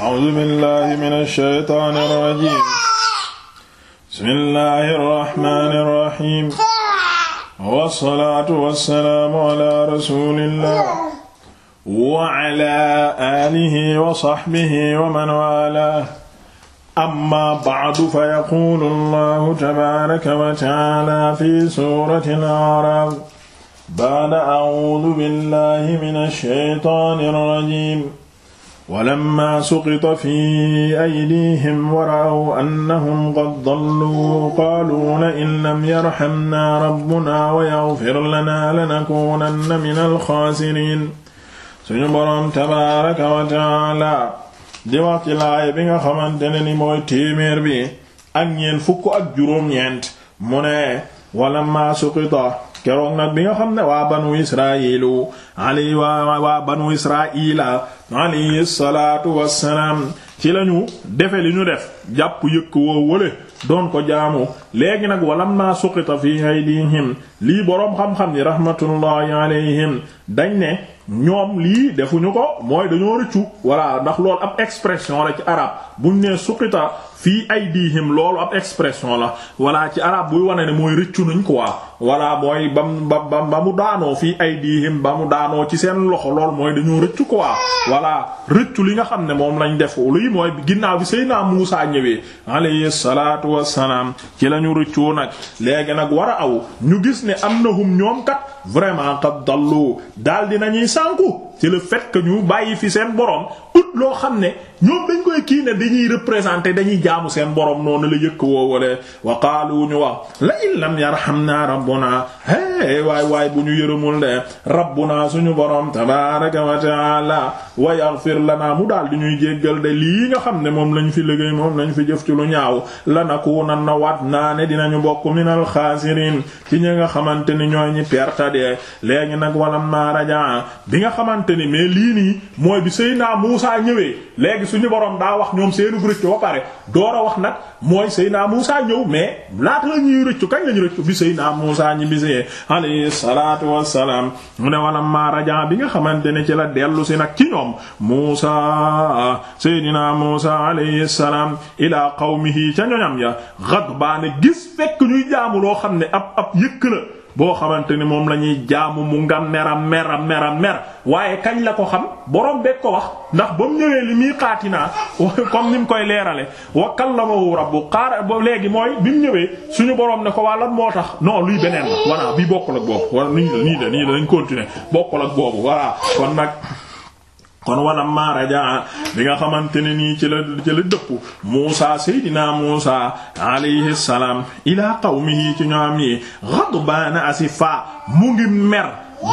A'uuzu billaahi mina shaytaani rajiim. Bismillaahi rahmaani rahiim. Wassalaatu wassalaamu alaa rasuulillaah wa alaa aalihi wa sahbihi wa man waalaah. Ammaa ba'du fayaquulu Allaahu tabaaraka wa ta'aalaa fii suuratil A'raaf: ba'da a'uuzu billaahi mina shaytaani rajiim. walamma suqita fi aydihim wa ra'aw annahum qad dallu qaalu la'in lam yarhamna rabbuna wa yaghfir lana lanakunanna minal xaasiriin suñu boroom tabaaraka wa ta'aala di wax ci laaya bi nga xamante ne ni mooy téeméer bi ak ñeent fukk ak juróom-ñeent mu ne walamma suqita keroog nag bi nga xam ne waa banu israilu alay waa waa banu israila alayhi salaatu wassalaam ci lañu defe li ñu def jàpp yëkk woo wële doon ko jaamu léegi nag walam maa suqita fi aydihim lii boroom xam-xam ni rahmatullahi alayhim dañ ne ñoom lii defuñu ko mooy dañoo rëccu voilà ndax loolu ab expression la ci arab buñ nee suqita fii aydihim loolu ab expression la voilà ci arab buy wane ne mooy rëccu nañ quoi voilà mooy ba ba ba mu daanoo fii aydihim ba mu daanoo ci seen loxo lool mooy dañoo rëccu quoi voilà rëccu li nga xam ne moom lañ def lii mooy ginnaaw bi Seydina Muusaa ñëwee alayhi nañu rëccoo nag léegi nag war a aw ñu gis ne am na hum ñoom kat vraiment kat dallu daal di nañuy sànku ci le fait ñu bàyyi fi seen borom tout loo xam ne ñoom dañ koy kii ne dañuy représenter dañuy jaamu seen borom noonu la yëkk woo wala wa qaalu ñu wax la in lam yarhamna rabbuna hey waay waay bu ñu yërëmul de rabbuna suñu borom tabaaraka wa ta'ala wa yaghfir lana mu daal di ñuy jéggal de lii nga xam ne moom lañ fi liggéey moom lañ fi jëf ci lu ñaaw la lanakunanna waat naa ne dinañu bokk minal xaasiriin ci ñi nga xamante ñooy ñi perte de nag walam ma bi nga xamante ni mais lii Muusaa ñëwee léegi suñu borom daa wax ñoom seenu rëccu ba pare door a wax nag mooy Seydina Muusaa ñëw mais laata la ñuy rëccu kañ la ñu rëccu bi Seydina Muusaa ñi bisee alayhi salaatu wassalaam mu ne wala ma raja bi nga xamante ne ci la dellu si nag ci ñoom Muusaa Seydina Muusaa alayhi salaam ilaa qawmihi ca ñoñam ya ghadbaan gis fekk ñuy jaamu loo xam ne ab ab yëkk la boo xamante ni moom la ñuy jaamu mu nga mera mera mera mer waaye kañ la ko xam borom beeg ko wax ndax ba mu ñëwee li muy xaati naa comme ni mu koy leerale wa kallamahu bu xaar ba léegi mooy bi mu ñëwee suñu borom ne ko waa moo tax non luy beneen la voilà bi bokkul ak boobu wala nii la nii la nii la dañ continuer ak boobu voilà kon nag. kon wala ma bi nga xamante ne nii ci la ci la dëpp Muusa Seydina Muusa alayhi salaam ila qawmihi ci ñoom yi ghadbaana asifa mu ngi mer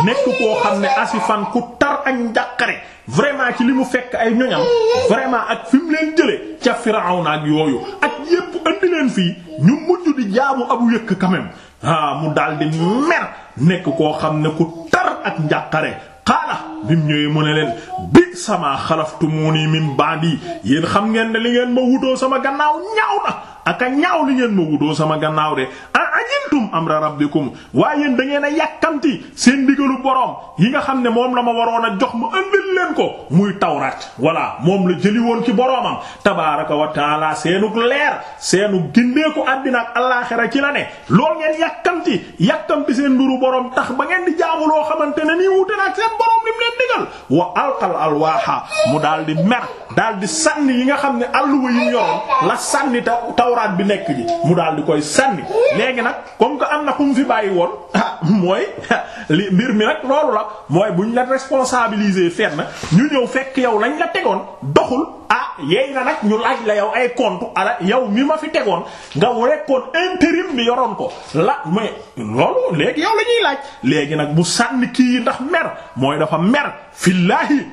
nekk koo xam ne asifan ku tar ak njàqare vraiment ci li mu fekk ay ñoñam vraiment ak fi mu leen jëlee ca Firawna yooyu ak yépp andi fii ñu mujj di jaamu abu yëkk quand même ah, mu daal di mer nekk koo xam ne ku tar ak njàqare qaala bi mu ñëwee mu ne leen sama xalaftumuni min ba'di yéen xam ngeen ne li ngeen ma wutoo sama gannaaw ñaaw na aka ñaaw li ngeen ma wutoo sama gannaaw de ajiltum amra rabbikum waaye yéen da ngeen a yàkkamti seen ndigalu boroom yi nga xam ne moom la ma waroon a jox ma ëndil ko muy tawraat voilà moom la jëli woon ci boroomam tabaaraka wa taala seenug leer seenu gindeeku àddina ak allaaxira ci la ne lool ngeen yàkkamti yàkkamti seen mbiru boroom tax ba ngeen di jaamu loo xamante ne nii wute ak seen boroom li leen digal wa alqal alwa Rawaaha mu daal di mer daal di sànni yi nga xam ne alluwa yi yoroon la sànni tawraat bi nekk ji mu daal di koy sànni léegi nag comme que am na ku mu fi bàyyi woon ah, mooy li mbir mi nag loolu la mooy bu buñ la responsabiliser fenn ñu ñëw fekk yow lañ la tegoon doxul ah yeey na nag ñu laaj la yow ay compte ala yow mi ma fi tegoon nga rekkoon intérim bi yoroon ko la mais loolu léegi yow la laaj léegi nag bu sànni kii yi ndax mer mooy dafa mer fillaahi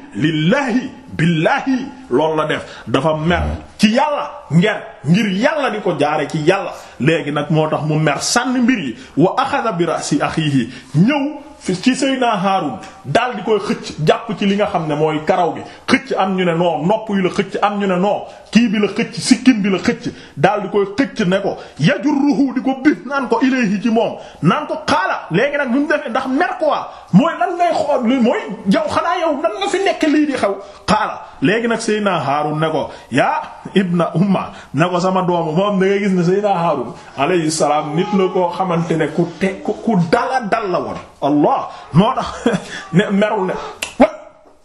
billaahi billaahi loolu la def dafa mer ci yàlla nger ngir yàlla di ko jaare ci yàlla léegi nag moo tax mu mer sànni mbir yi wa axada bi rasi axiihi ñëw ci naa Haarun dal di koy xëcc jàpp ci li nga xam ne mooy karaw bi xëcc am ñu ne non nopp yi la xëcc am ñu ne non kii bi la xëcc sikkim bi la xëcc daal di koy xëcc ne ko yajurruhu di ko bis naan ko ilayhi ci moom naan ko xaala léegi nag bi mu defee ndax mer ko waa mooy lan ngay xool li mooy yow xalaa yow nan nga fi nekk lii di xew xaala léegi nag Seydina Haarun ne ko yaa ibna umma ne ko sama doomu moom da ngay gis ne Seydina Haarun alayhi salaam nit la koo xamante ne ku te ku dala dal la woon Allah moo tax ne merul ne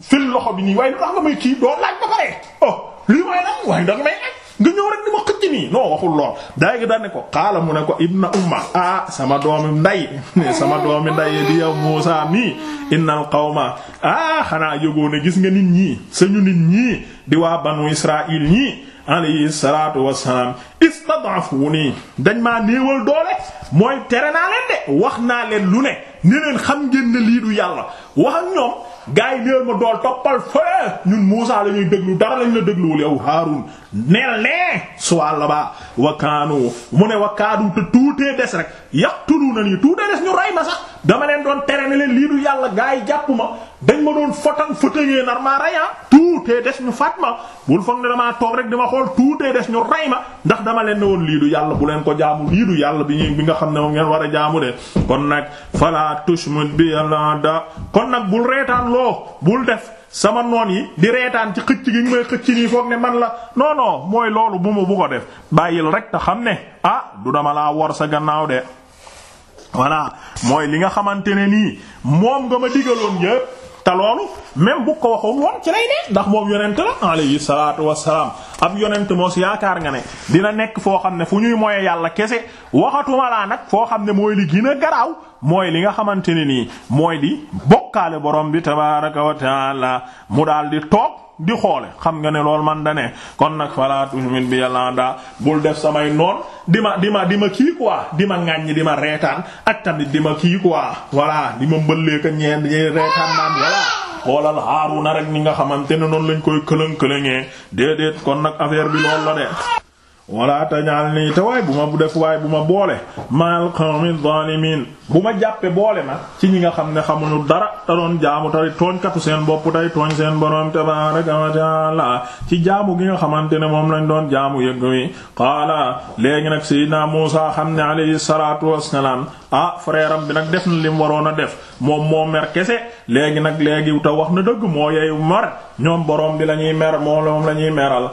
fil loxo bi nii waaye lu tax nga may kii doo laaj ba pare oh lii mooy lan waaye da nga may nga ñëw rek ni ma xëcc nii non waxul lool daay gi daan ko xaala mu ne ko ibna umma ah sama doomi nday sama doomi nday di yow Muusa mii innal qawma ah xanaa yëgoo gis nga nit ñi sañu nit ñi di waa banu Israil ñi alayhi salaatu wassalaam istad'afuni dañ maa néewal doole mooy tere naa leen de wax naa leen lu ne ne leen xam ngeen ne lii du yàlla wax ak ñoom gars yi néer ma dool toppal fee ñun Muusaa la ñuy déglu dara lañ la dégluwul yow Haarun neel nee suwàl la ba wakaanu mu ne wakaadu te tuutee des rek yaqtuluna nii tuutee des ñu rey ma sax dama leen doon tere ne leen lii du yàlla gars yi jàpp ma dañ ma doon fotan fatayee nar maa rey ah tuutee des ñu fat ma bul foog ne damaa toog rek ma xool tuutee des ñu rey ma dama leen ne woon lii yàlla bu leen ko jaamu lii du yàlla bi ñu bi nga xam ne moom ngeen war a jaamu de kon nag fala tushmut bi yàlla da kon nag bul reetaan loo bul def sama noon yi di reetaan ci xëcc gi ñu may xëcc nii foog ne man la non non mooy loolu bu ma bu ko def bàyyil rek te xam ne ah du dama laa wor sa gannaaw de voilà mooy li nga xamante ne nii moom nga ma digaloon yépp te loolu même bu ko waxoon woon ci lay ne ndax moom yonent la alayhi salaatu wassalaam ab yonent moo si yaakaar nga ne dina nekk foo xam ne fu ñuy moye yàlla kese waxatuma laa nag foo xam ne mooy li gën garaaw mooy li nga xamante ne nii mooy di bokkaale borom bi tabaaraka wa taala mu daal di toog di xoole xam nga ne lool man da kon nag fala tusmit bi yàlla bul def samay noon di ma di ma di ma kii quoi di ma ŋàññi di ma reetaan ak tamit di ma kii quoi voilà di ma mbëllee ka ñeen ñee reetaan naan voilà xoolal na rek ni nga xamante ne noonu lañ koy këlëng këlëngee déedéet kon nag affaire bi loolu la de wala tañaal nii te waay bu ma def waay bu ma boole mal qawmi zalimin bu ma jàppe boole na ci ñi nga xam ne xamuñu dara te doon jaamu tey tooñkatu seen bopp tey tooñ seen borom tabaraka wa taala ci jaamu gi nga xamante ne moom lañ doon jaamu yëgg wi qaala léegi nag sayyidina Muusa xam ne alayhi salaatu wassalaam a ah, frère bi nag def na li waroon a def moom moo mer kese léegi nag léegi te wax na dëgg moo yeyu mer ñoom borom bi la ñuy mer moom la ñuy meral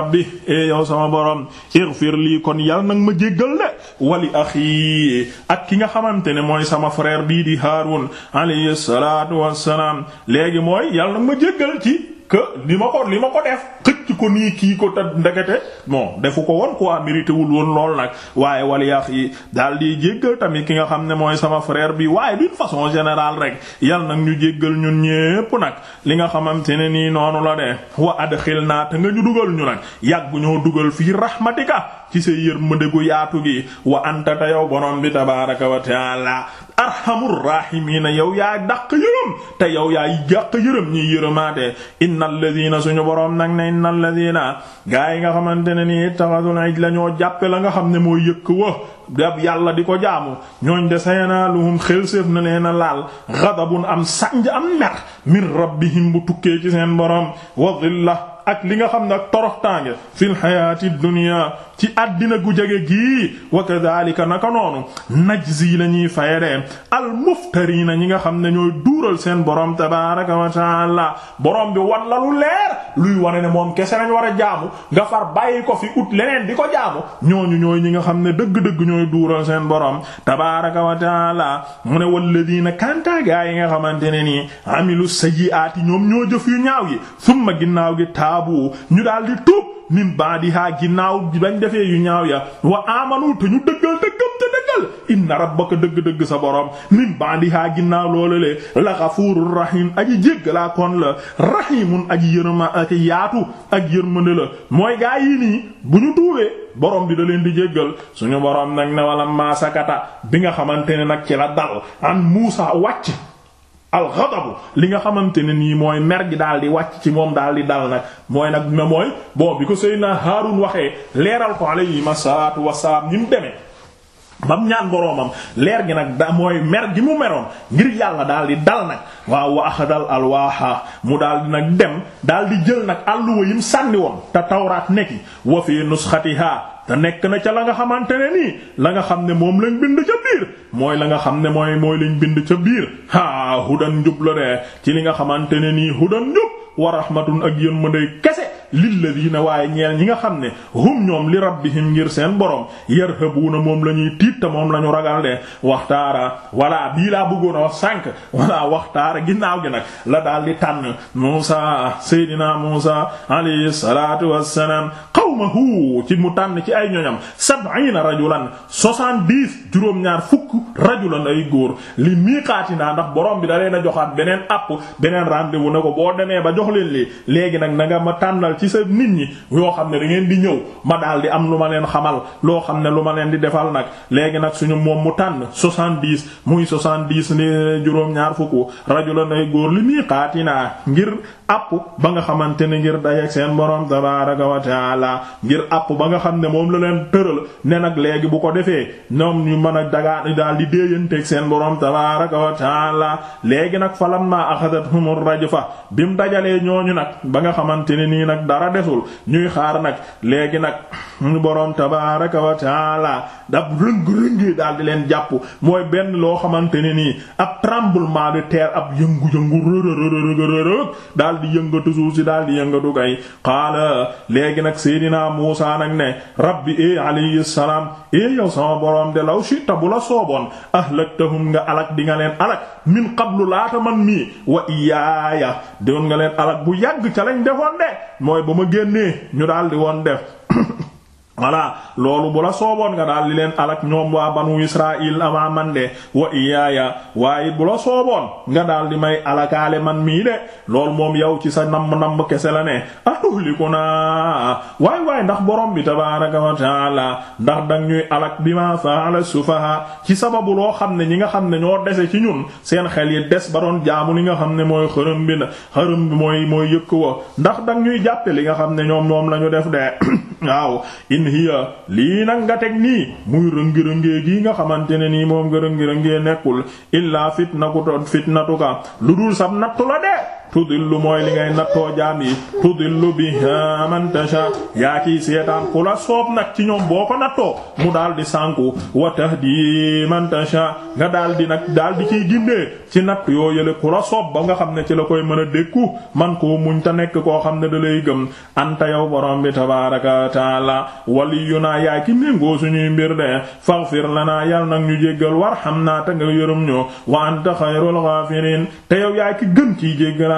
rabbi e yow sama borom ighfir lii kon yàlla nag ma jéggal de wali axi ak ki nga xamante ne mooy sama frère bii di Haarun alayhi salaatu wassalaam léegi mooy yàlla nag ma jéggal ci que li ma ko li ma ko def xëcc ko nii kii ko te ndekete moom defu ko woon quoi mérité wul woon lool nag waaye wala yi daal di jéggal tamit ki nga xam ne mooy sama frair bi waaye d'une façon général rek yal nag ñu jéggal ñun ñépp nag li nga xamante ne nii noonu la de wa adxilnaa te nga ñu dugal ñu nag yàgg ñoo dugal fii rahmatika ci sa yërmande gu yaatu gi wa anta ta yow borom bi tabaaraka wa ta'ala arhamur raahimiina yow ya dàq yërëm te yow yaa dàq yërëm ñi yërëmaate innal ladina suñu boroom nag ne innal ladina gaa yi nga xamante ne nii ittaxadul ijla ñoo jàppe la nga xam ne mooy yëkk wa dab yàlla di ko jaamu ñooñ de sayanaaluhum xelséef na leen a laal ghadabun am sànj am mer min rabbihim bu tukkee ci seen boroom wa dhilla ak li nga xam ne ak toroxtaange fil hayaati dunya ci àddina gu jege gii wa kadhalika naka noonu najzi la ñuy fayadee al muftarina ñi nga xam ne ñooy duural seen borom tabaaraka wa ta'ala borom bi wan la lu leer luy wane ne moom kese nañ war a jaamu nga far bàyyi ko fi ut leneen di ko jaamu ñooñu ñooy ñi nga xam ne dëgg-dëgg ñooy duural seen borom tabaaraka wa ta'ala mu ne walladina kanta gaa yi nga xamante ne nii amilu sayyi'ati ñoom ñoo jëf yu ñaaw yi summa ginnaaw gi taabu ñu daldi tuub min ba'diha ginnaaw bañ defee yu ñaaw ya wa amanu te ñu dëggal dëggam te dëggal inna rabbaka dëgg-dëgg sa borom min ba'diha ginnaaw loolu le la ghafurur rahim aji jéggalaa kon la rahimun aji yërma yaatu ak yërmande la mooy gaa yi nii bu ñu tuubee borom bi da leen di jéggal suñu borom nag ne wala maasakata bi nga xamante ne nag ci la dal an Muusa wàcc alxadabu li nga xamante ne nii mooy mer gi daal di wàcc ci moom daal di dal nag mooy nag mooy bon bi ko Seydina Haarun waxee leeral ko alayhi salaatu wasalaam ni mu demee bam ñaan boroomam leer gi nag da mooy mer gi mu meroon ngir yàlla daal di dal nag waaw a axadal alwaaha mu daal di nag dem daal di jël nag àlluwa yim sànni woon te tawraat nekki wa fi nusxatiha te nekk na ca la nga xamante ne nii la nga xam ne moom lañ bind ca biir mooy la nga xam ne mooy mooy lañ bind ca biir haa hudan njub la de ci li nga xamante ne nii hudan njub wa rahmatun ak yéen ma day kese lilladiina waaye ñeel ñi nga xam ne hum ñoom li rabbihim ngir seen borom yarhabuuna moom la ñuy tiit te moom la ñu ragal de waxtaara walla bii laa bëggoon a wax sànq walla waxtaara ginnaaw gi nag la daal di tànn Muusa Seydina Muusa alayhi salaatu wassalaam qawmahu ci mu tànn ci ay ñoñam sab'iina rajulan soixante-dix juróom-ñaar fukk rajulan ay góor li naa ndax borom bi da na a joxaat beneen app beneen rendez-vous ko boo demee ba jox leen léegi nag na ci sa nit ñi yoo xam ne da ngeen di ñëw ma daal di am lu ma leen xamal loo xam ne lu ma leen di defal nag léegi nag suñu moom mu tànn soixante-dix muy soixante-dix ni juróom-ñaar fukk rajulan ay góor li miqaatina ngir àpp ba nga xamante ne ngir dajeek seen borom tabaaraka wa taala ngir àpp ba nga xam ne moom la leen tëral ne nag léegi bu ko defee ñoom ñu mën a dagaan daal di déeyanteeg seen borom tabaaraka wa taala léegi nag falamma fa bi mu dajalee ñooñu nag ba nga xamante ne nii nag dara desul ñuy xaar nag léegi nag boroom tabaaraka wa taala dab rëng-rëngee daal di leen jàpp mooy benn loo xamante ne nii ab tremblement de terre ab yëngu-yëngu rërërërërërëg daal di yëngatu suuf si daal di yëngatu kay xaala léegi nag Seydina Muusaa nag ne rabbi e alayhi salaam e yow sama boroom de law shi'ta bu la sooboon ahlaktahum nga alak di nga leen alak min qablu laata man mii wa iyaaya doon nga leen alak bu yàgg ca lañ defoon de mooy ba ma génnee ñu daal di woon def voilà loolu bu la sooboon nga daal di leen alak ñoom waa banu israil ama man de wa iyaaya waaye bu la sooboon nga daal di may alakaale man mii de loolu moom yow ci sa namb-namb kese la ne atuhlikuna waay waaye ndax borom bi tabaraka wa taala ndax dang ñuy alak bi ma faala sufaha ci sababu loo xam ne ñi nga xam ne ñoo dese ci ñun seen xel yi des ba doon jaamu li nga xam ne mooy xërëm bi na xërëm bi mooy mooy yëkk wa ndax dang ñuy jàppe li nga xam ne ñoom moom lañu def de waaw in hiya lii nag nga teg nii muy rëngi-rëngee gii nga xamante ne nii moom nga rëngi-rëngee nekkul illaa fitnatu fitnatuka lu dul sam nattu la de tudillu mooy li ngay nattoo jaam yi tudillu biha man tasha yaa ciy seetaan ku la soob nag ci ñoom boo ko nattoo mu daal di sànku wa tahdi man tasha nga daal di nag daal di ciy gindee ci natt yoo yële ku la soob ba nga xam ne ci la koy mën a dékku man koo muñ ta nekk koo xam ne da lay gëm anta yow borom bi tabaraka taala waliyuna yaay ki méngoo suñuy mbir de faghfir lana yal nag ñu jéggal warhamna ta nga yërëm ñoo wa anta khayrul ghafirin te